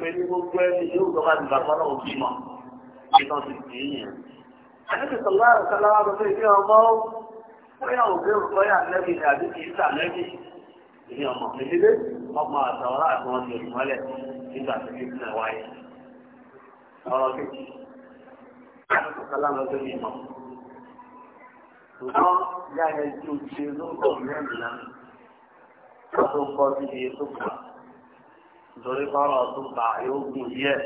pé ní gbogbo ẹni yóò gbọ́ká ti bàbá náà bí mọ́ ti dì í yẹn. àdébí sọ̀lá àrùkálá wa lọ sí ilé ọmọ bóyá òbí òkọ́yà lẹ́bi ni àbí kì í sà lẹ́bi ìní ọmọ ìdílé ọmọ àtàwọn àti wọn ti olùmọ́lẹ̀ nígbà tó ti tẹ̀ wáyé. ọ̀rọ̀ kejì àdébí sọ̀lá lọ sí ilé ọmọ. ṣùgbọ́n yára nítorí kọ́rọ̀ tó bá yóò gùn díẹ̀.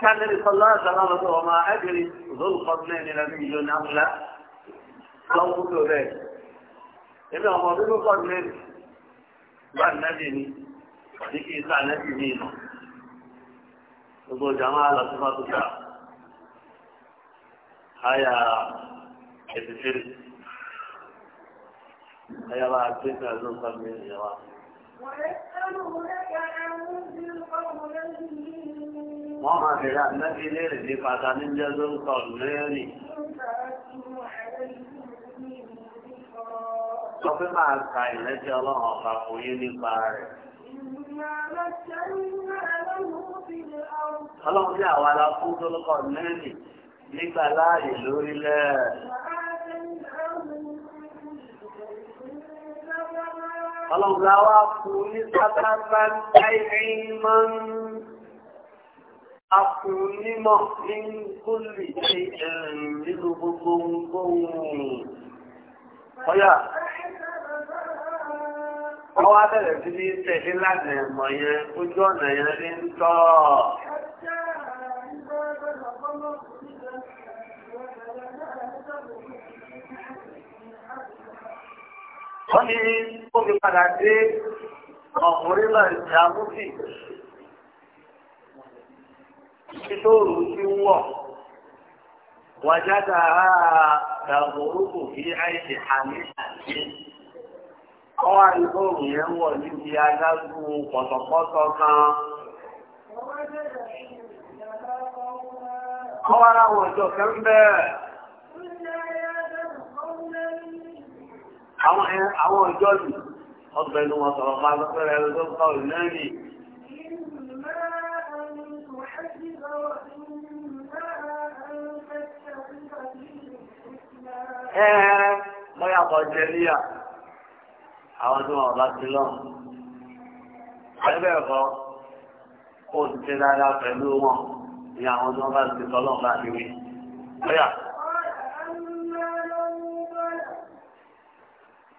كان لصلاة سلامة وما أدري ذو القرنين نبي أم لا لو قلت ذلك إذا هو ذو القرنين والنبي ذكي سعى دينه ذو جمال صفات الله هيا الفرد هيا بقى الفرد ذو القرنين يا واحد wọ́n máa bèèrè àtẹ́kì léèrè ní pàtàkì ní jẹ́ lórúkọ lórí sọ pé máa ka ìrẹ́jẹ́ ọlọ́run ọ̀pá fún yín nípa rẹ̀ ọlọ́run tí àwa la fún lórúkọ lórí nígbà láàyè lórílẹ̀ ọlọ́run láwá fún ní sátábá ẹ̀ẹ́mọ́ afúnnímọ̀ ní gúlì ṣe ẹ̀rìn nínú gbogbo ohun ọ̀yà wọ́n wá bẹ̀rẹ̀ sí ní tẹ̀lé lánà ẹ̀mọ̀ yẹn ojú ọ̀nà yẹn ní ń tọ́ wọ́n ní ó padà dé ọkùnrin náà ti amúsì títóòrù ti ń wọ̀ wàjádà dàgbòrúkù kí àìsè àmì àti ọwọ́ àdìgbòrò yẹn wọ̀ níbi adágún pọ̀tọ̀pọ̀tọ̀ kan. ọwọ́ aláwọ̀ ọjọ́ kẹ́ ń bẹ́ẹ̀. àwọn àwọn ọjọ́ yìí inú wọn sọ̀rọ̀ máa lọ́pẹ́rẹ́ ẹni tó ń sọ ìlú náà nì. níyà àwọn tí wọn bá ti lọ. Ẹgbẹ́ ẹ̀kọ́ kò ti ṣe dáadáa wọn ní àwọn tí wọ́n bá ti sọ́lọ́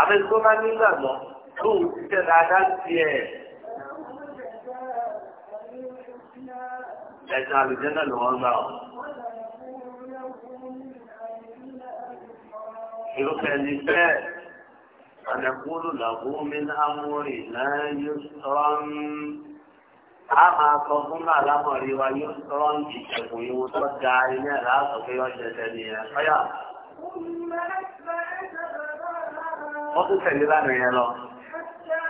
àbẹ́ tó bá nígbàgbọ́ tó ń ṣiṣẹ́ dáadáa sí ẹ̀. ẹ̀sìn àlùjẹ́ náà ló wọ́n gbà ọ́. irúfẹ́ ní bẹ́ẹ̀ ọ̀nàkúrò làwọn mi ń amúrì náà yóò sọ̀rọ̀ ń. a máa sọ fún náà lámọ̀rí wa yóò sọ̀rọ̀ ń ìṣẹ̀kùn ìwò tó da iná ẹ̀ láàtọ̀ pé ọ̀ṣẹ̀ṣẹ̀ nìyẹn. ọ̀yà wọ́n tún tẹ̀lé lánàá yẹn lọ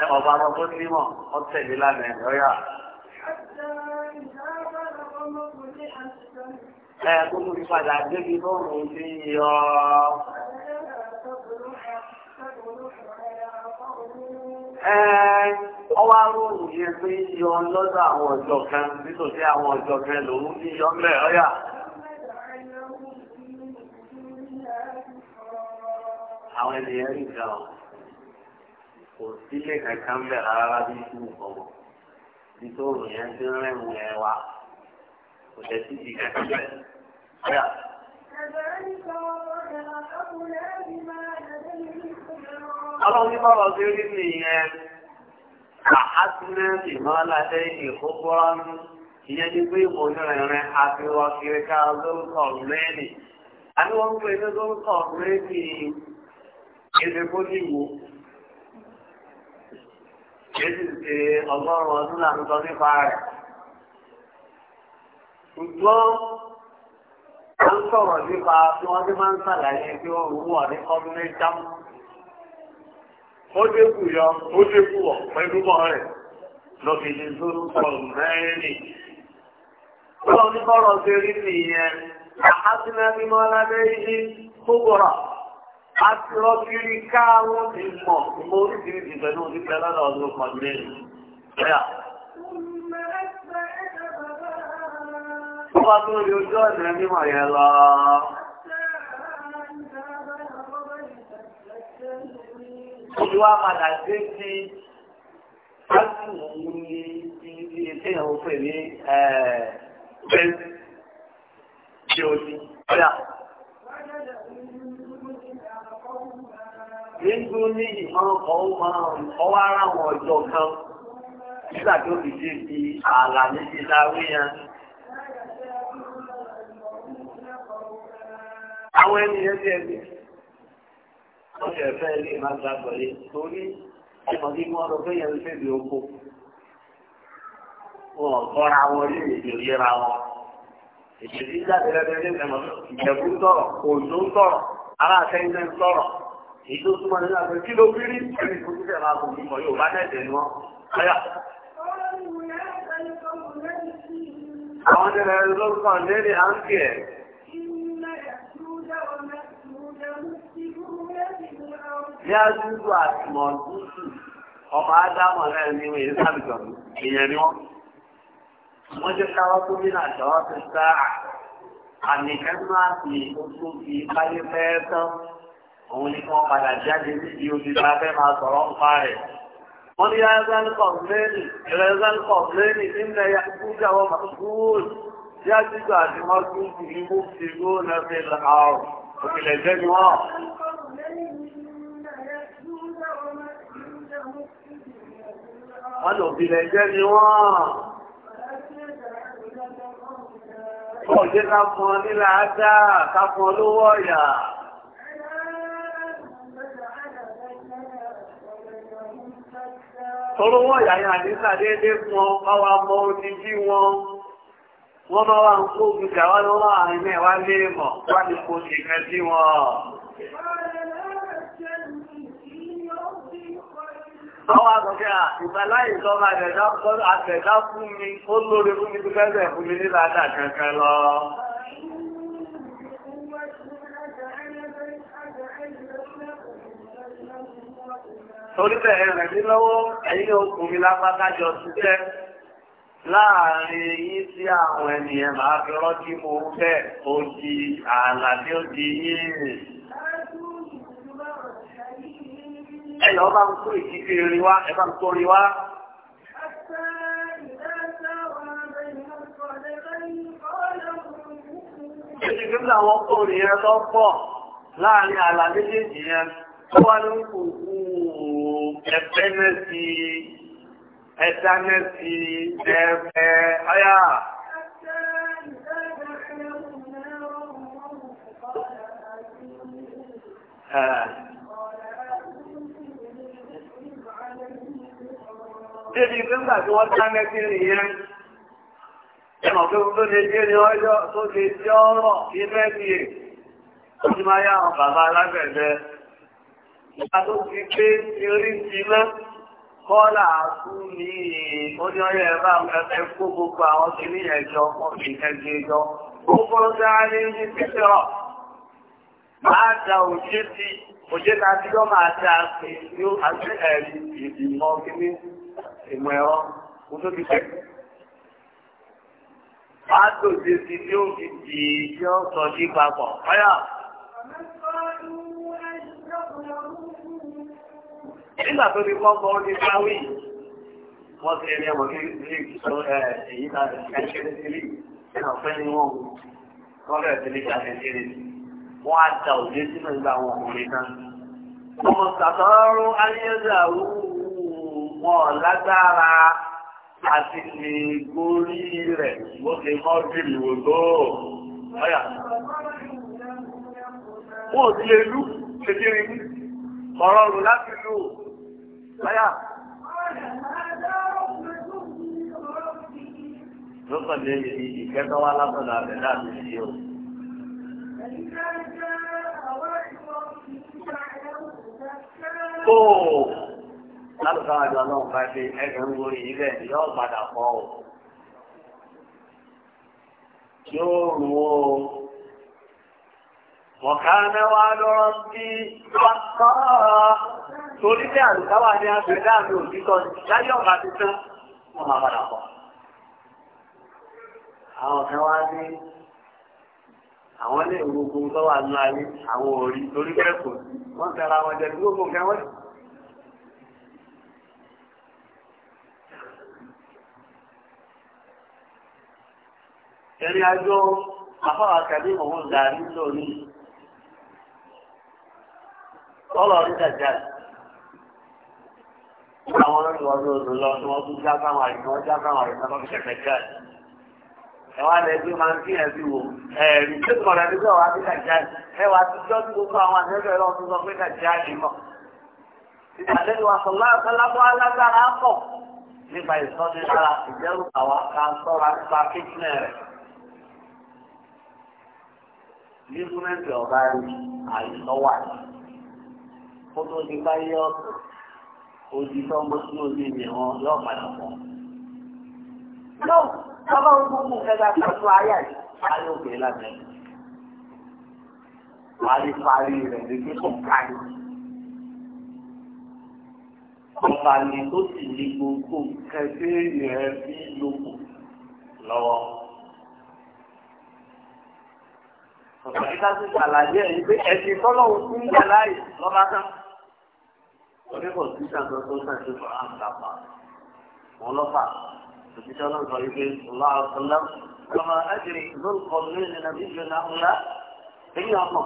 ẹ ọba ọmọ tó ní mọ̀ wọ́n tẹ̀lé lánàá yẹn lọ́yà. ẹ gbogbo ìpadà débi lóòrùn ti ń yọ. ọwọ́ aróòrùn yẹn pé yọ lọ́dọ̀ àwọn ọjọ́ kan nítòsí àwọn ọjọ́ kan lòún ní yọ mẹ́ ọ́yà. àwọn ènìyàn rí nǹkan ọ̀ kò sílé kankan bẹ̀ rárá bí ikú ọ̀wọ̀ nítorí yẹn ti rẹ́wù ẹ̀ wa kò jẹ́ sí ti kankan Ọlọ́run sí ìyẹn ti pé wọ́n kiri ká lórúkọ mẹ́rin. wọ́n ń pè ní lórúkọ mẹ́rin kéde kó ní wo kéde ṣe ọgọ́rùn-ún ọdún náà sọ nípa rẹ̀. ṣùgbọ́n a ń sọ̀rọ̀ nípa tí wọ́n ti máa ń ṣàlàyé ó rú wọ̀ ní ó dékù yọ wọ̀ pẹ̀lú bọ́ rẹ̀ lọ́kìlì zoro sọ̀rọ̀ mẹ́rin. ọlọ́run ní bọ́rọ̀ ṣe rí nìyẹn àhásínà mímọ́ lábẹ́ yìí kó gbọ́rọ̀ àti ọkiri káwọn ti mọ̀ mo oríṣiríṣi pẹ̀lú ojú pẹ̀lú ọ̀nà ọdún kan lé rẹ̀. Ọba tó rí ojú ọ̀nà mímọ̀ yẹn lọ. Ojú wa padà dé sí Ásù òun ní ibi ètè ìhòòfè ní ẹ̀ẹ́dẹ́gbẹ̀rún tí ó ní. nígbó ní ìmọ̀ ọwọ́ ara wọn ọjọ́ kan nígbà tó fi ṣe di ààlà méjì láwé yẹn. Àwọn ènìyàn ti ẹ̀mí. Wọ́n ti ẹ̀fẹ́ ilé máa gbàgbọ́ yé torí ẹ̀mọ̀ bí wọ́n lọ fẹ́yẹ̀ ń fèbè oko. Wọ́n kọ́ra wọn ní èdè òyìnbá wọn. Èdè tí jáde lẹ́nu ilé ìgbẹ̀mọ̀ ìjẹ̀bú sọ̀rọ̀, òjò sọ̀rọ̀, aláàtẹ́ńdẹ́ ń sọ̀rọ̀ ètò súnmọ́ ní láti kí ló bí rí ẹni tó ti fẹ́ máa yóò bá tẹ̀sẹ̀ ni wọ́n. àwọn tẹ̀lẹ̀ lọ́sàn lẹ́rẹ̀ à wọ́n. jẹ́ káwọ́ tó bí náà ṣọ́ọ́ sáà. Àmì kan máa fi fi báyé fẹ́ tán òun ni wọ́n padà jáde sí omi bá fẹ́ máa sọ̀rọ̀ ń pa rẹ̀. Wọ́n ní Rẹ́zálkọ̀ Bléni nílẹ̀ Yakuja wọn Màkúùl, Yájúgbà àti Mọ́túùkù ní Mùsùlùmí Nàfẹ́ Làárù, òkèlè jẹ́ ni wọ́n. Wọ́n ní òkèlè jẹ́ ni ká fún ọ nílẹ̀ ajá, ká fún ọ lówó ọ̀yà. tọrọ wọ́n yà ní sàdéédé fún ọ báwa mọ odi bí wọn wọ́n bá wà ń kó gbùgbà wá lọ́wọ́ àárín náà wá lé mọ̀ wá ní kò sì kan sí wọn. Àwọn àgbàgbà ìgbàláyè sọ́mọ àtẹ̀dá torí rẹ̀ mí lọ́wọ́ ẹ̀yin ọkùnrin lápákájọ ṣiṣẹ́ láàrin yín sí àwọn ènìyàn máa fi rántí mo bẹ́ẹ̀ ó di ààlà tí ẹ̀yọ́ bá ń kó ìdíje wá ẹ̀ ń kó rí wá. Èdè gbígbà wọn kò nìyẹn tó pọ̀ láàrin ààlà méjèèjì yẹn tó wá ní kùkù ẹ̀fẹ́nẹ́ sí ẹ̀dánẹ́ sí ẹ̀fẹ́ ayá. Débi nígbà tí wọ́n dánẹ́ sí ìyẹn, ẹmọ̀ pé tó lè jẹ́ ní ọjọ́ tó lè jẹ́ ọ̀rọ̀ ní mẹ́bí ẹ̀, ó ti máa yá àwọn alágbẹ̀ẹ́ Ìgbàtó ti pé orí ti mẹ́, kọ́lá fún mi oní ọyọ́ ẹ̀bá ẹ̀fẹ́ kó gbogbo àwọn ti ní ẹ̀jọ ọkùnrin ẹgbẹ́ ẹjọ́. Ó kọ́rọ́ sára ní ní títẹ̀ Máa da ẹ̀rí ìmọ̀ kíní ìmọ̀ ẹ̀rọ kó tó ti pẹ́. Máa tòjé ti tí ó fi dì tí ó sọ sí papọ̀. Báyà. nígbà tó ti kọ́ kọ́ ní sáwì wọ́n ti ẹni ọmọ kí ní ìṣọ́ èyí ta ẹ̀ṣẹ́ ní sílí ẹ̀nà ọ̀fẹ́ ni wọ́n wọ́n bẹ̀rẹ̀ sí ní ìjà ẹ̀ṣẹ́ ní wọ́n á da òde sínú ìgbà àwọn ọkùnrin náà. ọmọ sàtọ́rọ́ ayélujára wọn lágbára àti lè gorí rẹ̀ bó ṣe mọ́ bílì wò tó ọ̀yà. wọ́n ti lè lù ṣe kí ni ọ̀rọ̀ rù láti lù. Báyà. Lọ́kàn lè fi ìkẹ́kọ̀ọ́ wá látọ̀dọ̀ àbẹ̀ láti ṣe o. Tó lálùkọ́ àjọ náà bá ṣe ẹgbẹ̀rún orí ilẹ̀ yóò padà fọ́ o. Yóò rún o. Wọ̀ká náà lọ́rọ́ sí pátá. torí pé àlùkáwà ní àgbẹ̀ láàrin òtítọ́ láyé ọ̀gá ti tán wọ́n máa padà pọ̀. àwọn kan wá ní àwọn ilé ìwòkó tó wà ní ayé àwọn òrí torí pé kò sí wọ́n tẹ̀ra wọn jẹ ní gbogbo nǹkan wọ́n. ẹni àwọn ọlọ́run wọn tó lò lọ tí wọ́n tún já káwọn àyè wọ́n já káwọn àyè náà lọ́kùnrin ṣẹ̀fẹ̀ jáde. ẹ wá lẹ bí máa ń kí ẹbí wò ẹ̀rí tó kọ̀ọ̀dà ní bẹ́ẹ̀ wá sí kàjáde ẹ wá sí jọ́ tí gbogbo àwọn àtẹ́fẹ́ lọ tún sọ pé kàjáde mọ̀. ìgbàlejò wa sọ lábọ́ alágbára pọ̀ nípa ìsọ́ni lára ìjẹ́rù àwa ká nípa kíkínẹ̀ rẹ̀. lífúnẹ̀tì ọ̀gá rí àyè lọ́wọ́ báyé ọ̀sán odi tó ń bó sí orí ìwé wọn yóò padà pọ̀. yóò sábà ń gbógun kẹta pẹ̀lú ayé àti ayé òkè lábẹ́. parí rẹ̀ ní kíkọ́ kárí. ìpàlẹ̀ tó sì ní gbogbo kẹsẹ́ yẹn bí lóko lọ́wọ́. Ọ̀sán kíkà sí ṣàlàyé ẹ̀ pé ẹ̀sìn tọ́lọ́hún fún gbàláyè lọ́ba tán ọdún kò sí sàgbọ́n tó sàṣẹ fún àǹkàpà wọn lọ́fà òṣìṣẹ́ ọlọ́run sọ wípé ọlọ́run sọlá ọmọ ẹ̀jẹ̀ lórúkọ lónìí nàbí ìjọ náà ńlá èyí ọmọ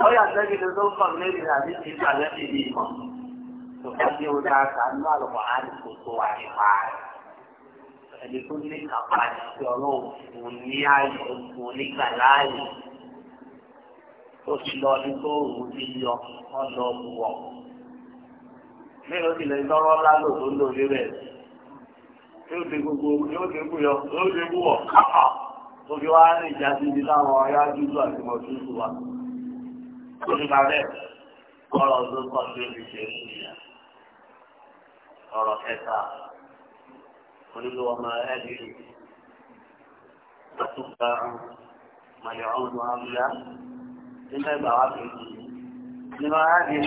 lọ́yà sẹ́gìdì lórúkọ lónìí nàbí ìjọ àlẹ́ ìdí ìmọ̀ tòkàdé o dáa ká ní àlùkò àdìgbò tó wà nípa rẹ̀ ẹni tó ní kàpá ti ọlọ́run fún ní ààyè fún nígbà láàyè tó ti lọ ọdún tó òun ti yọ ọ̀dọ̀ ọ̀bùwọ̀ mélòó ti lè tọrọ tó ń rẹ̀ yóò dé gbogbo yóò dé kú yọ yóò dé kú wọ̀ kápá tó fi wá ní ìjà sí ibi táwọn ọ̀yá dúdú àti mọ̀ dúdú wa. ó ti bá bẹ́ẹ̀ kọ́rọ̀ ló kọ́ sí omi ṣe é fún ọ̀rọ̀ kẹta onílù ọmọ ẹ̀dí àtúgbà màlẹ̀ ọ̀hún ọ̀hún ọ̀hún nígbà ìgbà wa fi nínú ẹ̀dí.